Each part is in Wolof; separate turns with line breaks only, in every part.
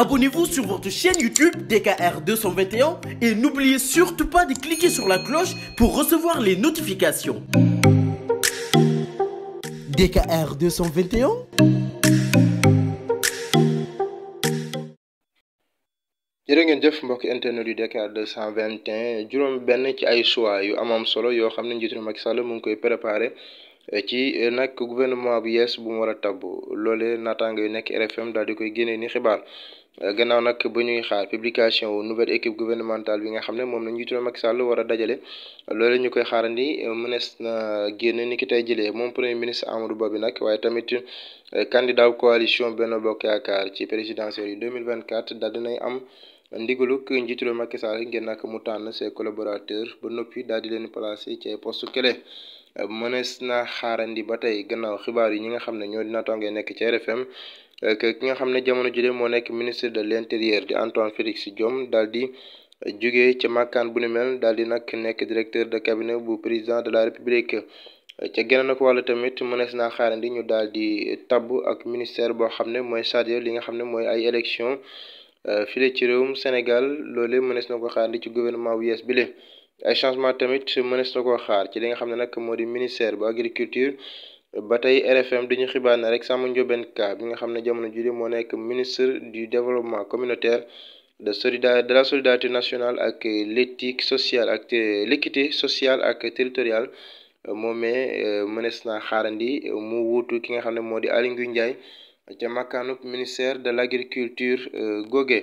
Abonnez-vous sur votre chaîne YouTube DKR 221 et n'oubliez surtout pas de cliquer sur la cloche pour recevoir les notifications. DKR 221. jërë ngeen jëf mbokk internet yu DKR 221 juróom benn ci ay choix yu amam solo yoo xam ne njiitu Macky Sall mu ngi koy préparé. Eh, ci eh, nak gouvernement bu yees bu mu war a tabb loolee naataango yu nekk RFM daal di koy génnee ni xibaar Euh, gannaaw nag bu ñuy xaar publication wu nouvelle équipe gouvernementale bi nga xam ne moom la njiitu réew Macky Sall war a dajale loolu ñu koy xaarandi euh, mënees na génn ni ki tey jëlee moom premier ministre Amadou Ba bi nag waaye tamit euh, candidat wu coalition benn Bokk Yaakaar ci présidentielle yi 2024 daal dinay am ndigalu njiitu réew Macky Sall ngeen nag mu tànn see collaborateur ba noppi daal di leen placer ci ay poste clé mënees na xaarandi ba tey gannaaw xibaar yi ñi nga xam ne ñoo dina tongee nekk ci RFM Euh, ki nga xam ne jamono jile moo nekk ministre de l'intérieur di Antoine Félix Diome daal di jugee ca màkkaan bu ni mel daal di nag nekk directeur de cabinet bu président de la république ca geneen ak wàllu tamit mënees naa xaarandi ñu daal di tabb ak ministère boo xam ne mooy chargé li nga xam ne mooy ay élection euh, file ci réewum Sénégal loolee mënees na ko xaarandi ci gouvernement bu yees bile ay changement tamit mënees na xaar ci li nga xam ne nag moo di ministère bu agriculture ba tey RFM di ñu xibaar na rek Samba Ndiobène Ka bi nga xam ne jamono jii moo nekk ministre du développement communautaire de solida de la solidarité nationale ak l'éthique sociale ak l'équité sociale ak territoriale moomee euh, mënees naa xaarandi mu wuutu ki nga xam ne moo di Aly Ngouille Ndiaye ca makkaanub ministère de l'agriculture euh, googe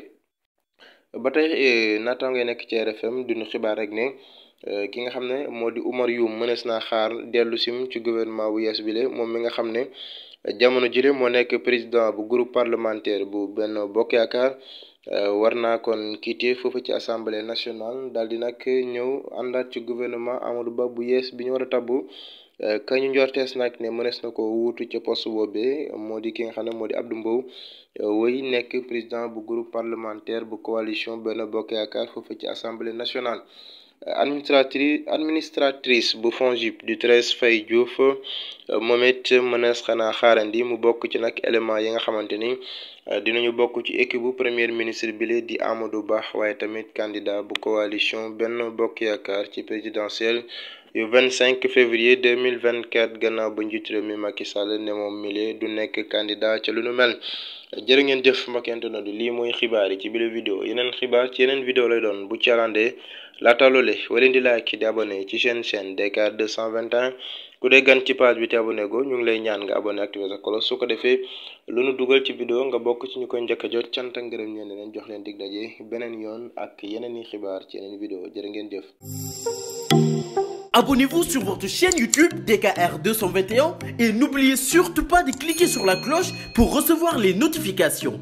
ba tey euh, nga nekk ci RFM duñu xibaar rek ne. Euh, ki nga xam ne moo di Oumar Youm mënees naa xaar dellusi sim ci gouvernement bu yees bile moom mi nga xam ne euh, jamono jile moo nekk président bu groupe parlementaire bu Benno Bokk Yaakaar euh, war naa kon quitté foofu ci assemblée national daal di nag ñëw àndaat ci gouvernement Amadou Ba bu bi ñu war a tabbu kañu njortees nag ne mënees na ko wuutu ca poste boobee moo di ki nga xam ne moo di Abdou Mbow nekk président bu groupe parlementaire bu coalition Benno Bokk Yaakaar foofu ci assemblée nationale. administratrice administratrice bu FONGIP du Thérèse fay Diouf euh, moom it mënees xanaa xaarandi mu bokk ci nag élément yi nga xamante ni euh, dinañu bokk ci équipe bu premier ministre bi di Amadou Ba waaye tamit candidat bu coalition benn Bokk Yaakaar ci présidentielle yu vingt 25 février 2024 gannaaw ba njiitu réew mi Macky Sall ne moom mile du nekk candidat ca lu nu mel jërë ngeen jëf mbokk internet lii mooy xibaar yi ci bile vidéo yeneen xibaar ci yeneen vidéo lay doon bu ci laata loolee walindi like di abonné ci chaîne chaîne DKR 221 ku dee gan ci page bi te abonné go ñu ngi lay ñaan nga abonné activé sa cloche su ko defee lu nu dugal ci vidéo nga bokk ci ñu koy njëkk jot cant ak ngërëm ñeen leen jox leen dig beneen yoon ak yeneen i xibaar ci yeneen vidéo jërë ngeen jëf Abonnez-vous sur votre chaîne YouTube DKR et n'oubliez surtout pas de cliquer sur la cloche pour recevoir les notifications.